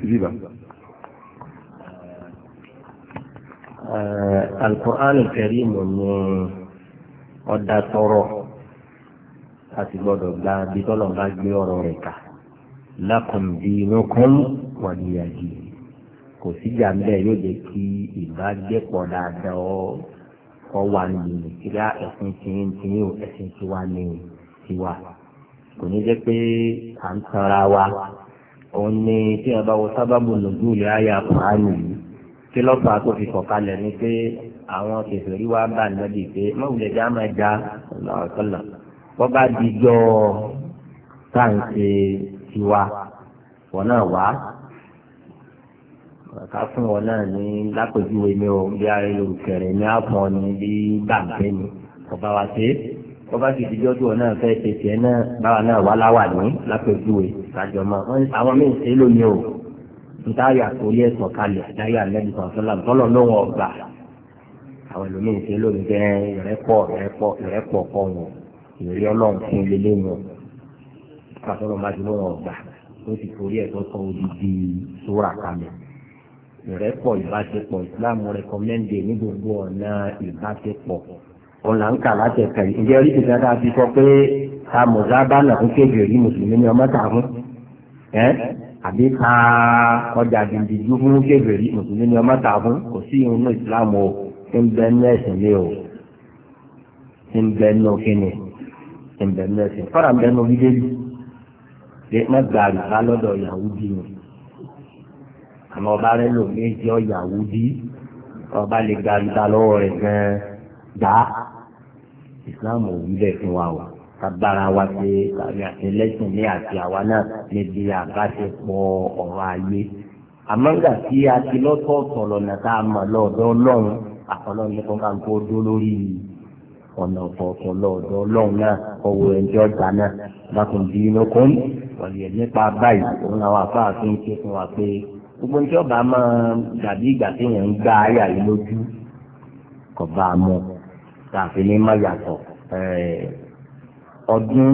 riba eh, alukur'an karim ni ọ̀dà tọrọ a ti gbọ́dọ̀ gba bí tọ́lọ̀ bá gbé ọ̀rọ̀ rẹ̀ kà lakum dinukum waliyadin kò síjà mbẹ́ yóò jẹ́ kí ìbágbépọ̀ dáadáa ọ wà nìyí kíkà ẹ̀sìn tìyín tìyín ẹ̀sìn tiwa ní tiwa kò ní jẹ́ pé à ń tanra wa òun ni tí a bá wo sábàbù nùdúlì àyà kùránì yìí kí lọ́pàá tó fi sọ̀kalẹ̀ ni pé àwọn kèfèrí wa bá nàbì pé mọ̀wùlẹ̀ dá máa já ọ̀sọ̀là wọ́n bá dijọ́ táǹsì tiwa wọn náà wá ká fún wọn náà ní lápèjúwe ní o bí ayélujára ní àpọ̀ ní bí bàǹkẹ́ ni ọba wa ṣe é bọ́bá ti di jọ́jú ọ̀nà fẹ́ tètè ẹ̀ náà báwa náà wà láwà ní lápẹ̀júwe ìtajà ọmọ àwọn míì ṣe lónìí o ntáyà torí ẹ̀sọ̀ kalẹ̀ dáyà lẹ́nu sọ̀tọ́lá tọ́lọ̀ lóhùn ọ̀gbà àwọn ẹlòmíì ṣe lónìí jẹ́ ìrẹ́pọ̀ ìrẹ́pọ̀ ìrẹ́pọ̀ kọ́ wọn ìrírí ọlọ́run fún lélẹ́ wọn pàtọ́lọ́ bá ti lóhùn ọ̀gbà ó sì torí ẹ̀sọ́ sọ odidi sóra kalẹ̀ ìrẹ́pọ̀ ìbáṣepọ̀ ìsìláàmù rẹ̀kọ́mẹ́ndé e ní gbogbo ọ̀nà ìbáṣepọ̀ ọ̀là ń kà láti ẹ̀ka yìí ǹjẹ́ orí ìgbà tá a fi sọ pé ta mọ̀sábà náà fún kéjì rí mùsùlùmí ni ọmọ tà fún ẹ́ àbí ta ọjà dìndìjú fún kéjì rí mùsùlùmí ni ọmọ tà fún kò sí inú ìsìlámù o ń bẹ ní ẹ̀sìn lé o ń bẹ ní òkèèní ń bẹ ní ẹ̀sìn fọ́nà bẹ ní bíbélì pé má gba àlùfá lọ́dọ̀ Yàhúdì ni àmọ́ ọba rẹ lò méjì ọ̀yàwó dí ọba lè gba àlùfá lọ́wọ́ rẹ̀ gan-an gbà á islam ò wí bẹ́ẹ̀ fún wa o kábàárà wa ṣe kàrí àtẹlẹsìn ní àti àwa náà níbi àbáṣepọ̀ ọ̀rọ̀ ayé àmọ́ tí a ti lọ́tọ̀ọ̀tọ̀ lọ́nà tá a mọ̀ lọ́dọ̀ ọlọ́run àkọlọ́run ní kankan kó dó lórí ọ̀nà ọ̀tọ̀ọ̀tọ̀ lọ́dọ̀ ọlọ́run náà ọwọ́ ẹ̀jẹ̀ ọ̀tá náà lákùn bí inú kún wọ̀nyẹ̀ nípa báyìí òun àwọn afáà tó ń ké fún wa pé gbogbo ní ọba máa dàbí ìgbà téèyàn ń gbá ayà yìí lójú kọ̀ bá a mọ̀ tààfin ní má yàtọ̀ ọdún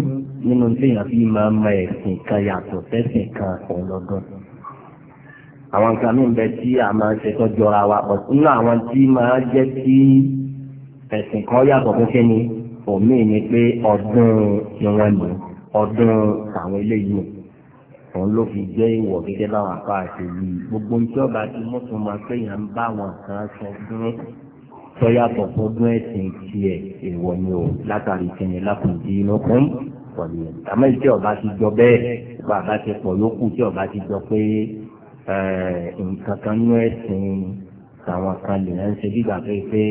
nínú téèyàn fi máa ma ẹ̀sìn kan yàtọ̀ sẹ́sìn kan ọlọ́dún àwọn nǹkan mí bẹ tí a máa ń ṣe tọ́jú ara wa pọ̀ nínú àwọn tí máa jẹ́ kí ẹ̀sìn kan yàtọ̀ fúnfẹ́ ni òmíì ni pé ọdún ìwọ̀n ni ọdún àwọn eléyìí òun ló fi jẹ́ ìwọ̀ gẹ́gẹ́ báwọn àpá àṣẹ yìí gbogbo ní ọba ti mú máa pé èèyàn ń bá àwọn kan sọ fún tọ́yàtọ̀ fọdún ẹ̀sìn tiẹ̀ èèwọ̀ ni o látàrí kìnìún lákùnjí lọ́kùn pọ̀lú ẹ̀. àmọ́ ìtí ọba ti jọ bẹ́ẹ̀ bá a bá ti pọ̀ yókù tí ọba ti jọ pé nǹkan kan nú ẹ̀sìn àwọn kan lè ń ṣe gbígbà pé pé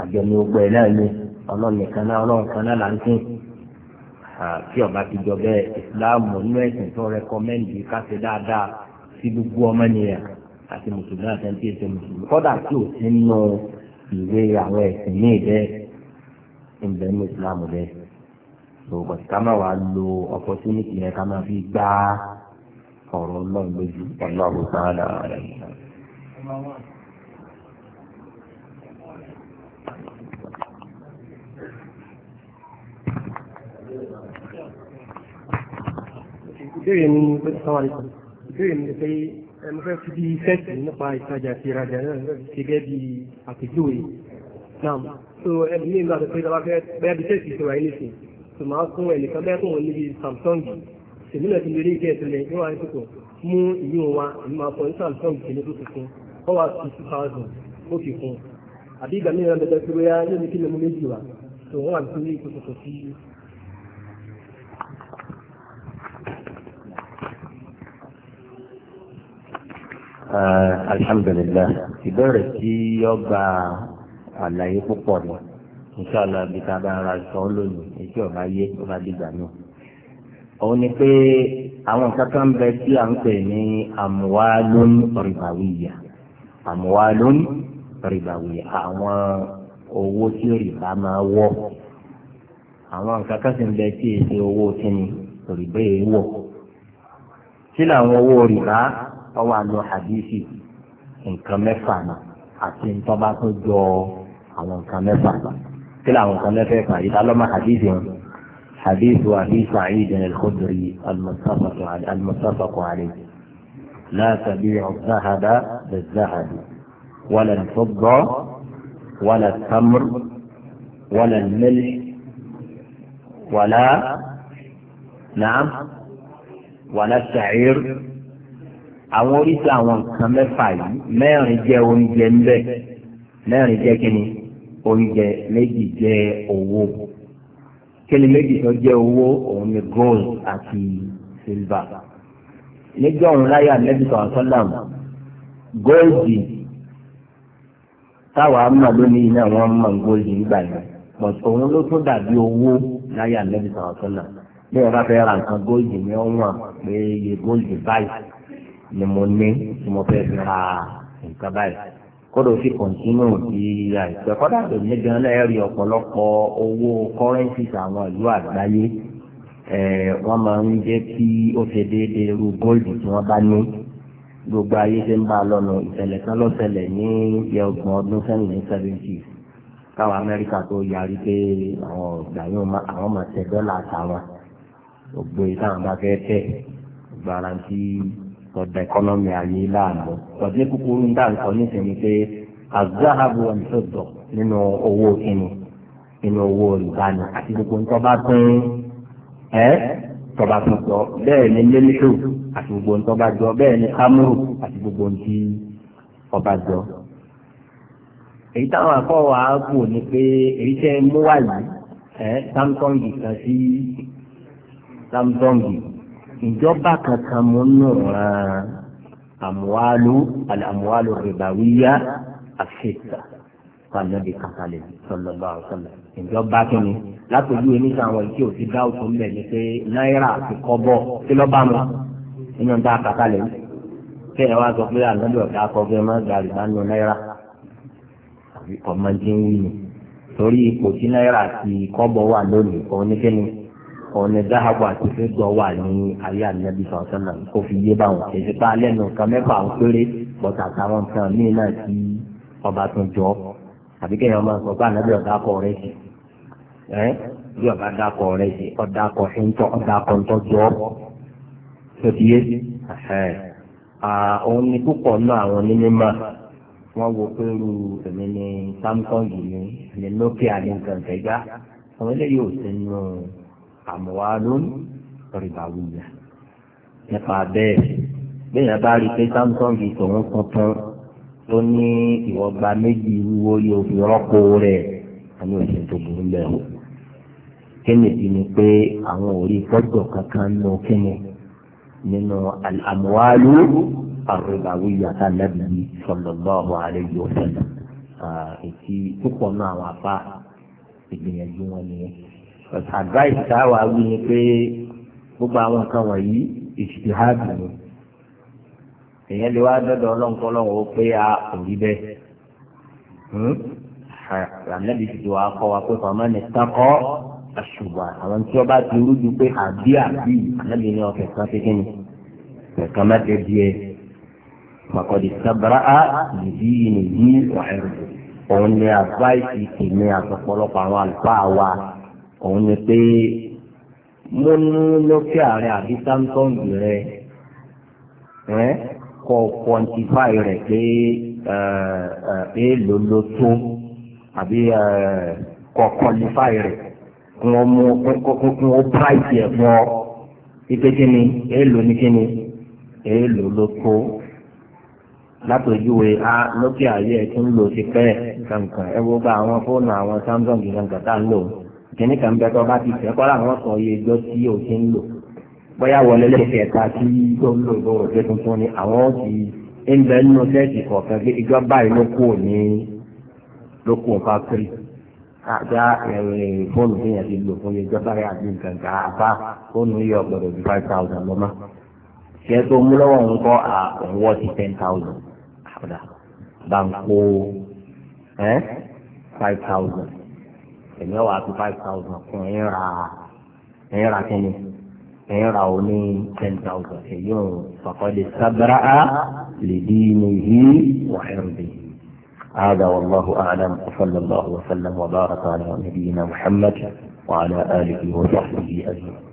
àjọni ogbẹ́ náà ni ọlọ́run nìkan náà ọlọ́run kan náà là ń sìn. tí ọba ti jọ bẹ́ẹ̀ ìsìláàmù nú ẹ̀sìn tó rẹkọmẹ́ndì káṣe dáadáa sí gbogbo ọmọ nìyẹn àti mùsùlùmí àti ẹni tí ì ìwé àwọn ẹ̀sìn ní ìbẹ́ ìbẹ́ ní islam bẹ́ẹ̀ tó bọ̀dé ká máa wá lo opportunity yẹn ká máa fi gbá ọ̀rọ̀ náà lójú ọlọ́run sáádà rẹ̀. ìbéèrè mi ní pé sọ́wọ́n ìbéèrè mi ní pé mo fẹ́ fi bí fẹ́ẹ̀sì nípa ìtajà àti ìrajà náà gẹ́gẹ́ bí àpèjúwe náà so ẹni ní ìgbà tó pé ìjọba fẹ́ bẹ́ẹ̀ bí fẹ́ẹ̀sì ìṣòro ayé nìsín so máa fún ẹnìkan bẹ́ẹ̀ fún òun níbi Samsung èmi náà ti lè rí ìkẹ́ẹ̀tì rẹ̀ ní wàá tuntun mú ìlú wa èmi máa fọ ní Samsung kìíní tó tuntun wọ́n wá sí two thousand ó fi fún un àbí ìgbà mìíràn bẹ̀rẹ̀ pé bóyá yóò ní kí lè mú wọ́n wà Eh, alhamdulillah ìbéèrè tí yọ gba àlàyé púpọ̀ ni inṣàlá bí ká bá ara sọ ọ́ lónìí èyí ọba yé tó bá dìgbà náà. òun ni pé àwọn kankan bẹ tí à ń pè ní amwalun ribawiya amwalun ribawiya àwọn owó tí rìbá máa wọ̀ àwọn kankan sì ń bẹ tí èsì owó tí ni rìbá èé wọ̀. sí làwọn owó rìbá. ọwọ́ àná àdìsí nǹkan mẹ́fà náà àti nǹkan bá tó jọ àwọn nǹkan mẹ́fà náà kí làwọn nǹkan mẹ́fà yìí lálọ́mọ àdìsí wọn حديث أبي سعيد الخدري المتفق المتفق عليه لا تبيع الذهب بالذهب ولا الفضة ولا التمر ولا الملح ولا نعم ولا الشعير àwọn oríṣi àwọn nǹkan mẹ́fà yìí mẹ́rin jẹ́ oúnjẹ ńbẹ mẹ́rin jẹ́ kíni oúnjẹ méjì jẹ́ owó kíni méjì tó jẹ́ owó òun ni gold àti silver níjọ́ òun láyé àlẹ́bí sọ̀rọ̀ sọ́dàm góòdì táwa mọ̀ lónìí náà wọ́n mọ̀ góòdì nígbà yẹn but òun ló tún dàbí owó láyé àlẹ́bí sọ̀rọ̀ sọ́dàm bí wọ́n bá fẹ́ ra nǹkan góòdì ni wọ́n wà pé iye góòdì báyìí ni mo ní tí mo fẹ́ fi ra nǹkan báyìí kódò sí kọ̀ǹtínú di àìpẹ́ kọ́dà tó ní gan náà rí ọ̀pọ̀lọpọ̀ owó kọ́rẹ́ǹsì àwọn ìlú àgbáyé wọ́n máa ń jẹ́ kí ó ṣe déédéé irú góòlù tí wọ́n bá ní gbogbo ayé ṣe ń bá a lọ́nu ìṣẹ̀lẹ̀ kan lọ́sẹ̀lẹ̀ ní yẹ ọgbọ̀n ọdún sẹ́yìn ní seventy káwọn amẹ́ríkà tó yarí pé àwọn ọ̀gbà yóò àwọn máa tẹ dọ́là àtàwọn gbogbo ìtàn bá fẹ́ tẹ̀ gbàrántí sọ̀dà ẹ̀kọ́nọ́mì ayé láàmú sọ̀dà kúkúrú ń dá nǹkan nísìnyí pé azahabu ọ̀nìṣòdò nínú owó kínní nínú owó olùbánu àti gbogbo ń tọ́ba pín ẹ́ tọ́ba tó jọ bẹ́ẹ̀ ni lélẹ́ṣò àti gbogbo ń tọ́ba jọ bẹ́ẹ̀ ni kámúrù àti gbogbo ń tí ọba jọ. èyí táwọn akọ́wà á kù ni pé èyí tẹ́ mú wáyé ẹ́ samsung kan sí samsung yìí ìjọba kankan mú nù ràn àmúwálú àmúwálú rìbáwíyá àfẹ́sà fanabi kakalẹ sọlọlọ àwòsàn ìjọba kìíní látòjú oníṣẹ àwọn ìṣe òsì dá òtún mbẹ ni pé náírà àti kọ́bọ̀ kí lọ bá mu nínú dá kakalẹ kí ẹ wá sọ pé ànábì ọ̀gá akọgbẹ má gàrí bá nu náírà àbí kọ́mọ́dé ń wí ni torí ipò tí náírà àti kọ́bọ̀ wà lónìí òun ní kíni ọ̀nà dáhàbọ̀ àti fẹ́gbọ̀ wà ní ayé ànábì sọ̀tọ́nà kó fi yé báwọn èsì pa lẹ́nu nǹkan mẹ́fà ń péré bọ̀tà àtàwọn nǹkan míì náà tí ọba tún jọ àbí kéèyàn máa sọ pé ànábì ọ̀dà kọ rẹ̀ sí ẹ́ bí ọba dákọ rẹ̀ sí ọ̀dà kọ ṣẹ́ńtọ́ ọ̀dà kọ ńtọ́ jọ tó ti yé òun ni púpọ̀ náà àwọn onímọ̀ wọ́n wo pé irú ni Samsung yìí ni Nokia ní nǹkan tẹ̀gbá àwọn eléyìí ò sí nínú àmọ̀wálón rìbáwíyà nípa bẹ́ẹ̀ bẹ́ẹ̀ bá rí pé samsung tòun tuntun tó ní ìwọ̀gba méjì wíwó yóò fi rọ́pò rẹ̀ àmì òṣèlú tó burú bẹ́ẹ̀ o kẹ́nìdì ni pé àwọn òrí fọ́jọ́ kankan nù kẹ́nì nínú àmọ́wálú àrùbáwíyà tá a lábì yìí sallallahu alayhi wa sallam ètí púpọ̀ náà àwọn apá ìgbìyànjú wọn nìyẹn advice táwa wí ni pé gbogbo àwọn nǹkan wọ̀nyí ìṣìṣìhádì ni èèyàn lè wá dọ́dọ̀ ọlọ́nkọ́ ọlọ́run ó pé a kò rí bẹ́ẹ̀ hmm? ànábì ti wà kọ́ wa pé fàmà ní takọ́ àṣùbà àwọn tí wọ́n bá ti rújú pé àbí àbí ànábì ní ọ̀kẹ́ kan ṣe ni kẹ̀kẹ́ má tẹ̀ díẹ̀ màkọ́dì sábàrà á nìbí nìyí ọ̀hẹ́rù òun ni àbáyé ti àtọ̀pọ̀lọpọ̀ àwọn àlùfáà wa òun ni pé mo ní lókè ààrẹ àbí sáńtọ́ǹgì rẹ ẹ kọ quantify rẹ pé èèlò ló tó àbí kọ qualify rẹ kí mú kí wọ́n price ẹ̀ fún ọ ipe kíni èèlò ní kíni èèlò ló tó látòjúwe a lókè ààrẹ ẹ̀ tún lò sí pẹ́ẹ́ kankan ẹ wo gba àwọn fóònù àwọn sáńtọ́ǹgì kankan tá ń lò kìnní kan bẹ tó bá ti fẹ́ kọ́ra àwọn sọ iye ìjọ tí o ti ń lò bóyá wọlé lẹ́sẹ̀ ẹ̀ka tí ó ń lò lóòrò pé tuntun ni àwọn ti ń bẹ nínú sẹ́ẹ̀tì kọ̀ọ̀kan pé ìjọ báyìí ló kù ní ló kù nǹkan péré àgbà fóònù tí yẹn ti lò fún ìjọ báyìí àti nǹkan kan àbá fóònù yìí ọ̀gbọ̀dọ̀ ju five thousand lọ́mọ ṣé tó mú lọ́wọ́ ń kọ́ àwọ̀ ti ten thousand àbúdà five thousand. èmi ọ̀wà fi five thousand fún ẹ̀yìn ra ẹ̀yìn ra kẹ́ni ẹ̀yìn ra o ní ten thousand ẹ̀yìn ò fàkọ́dé sábàrà á lè dí inú yìí wà ẹ̀rùbí. هذا والله أعلم وصلى الله وسلم وبارك على نبينا محمد وعلى آله وصحبه أجمعين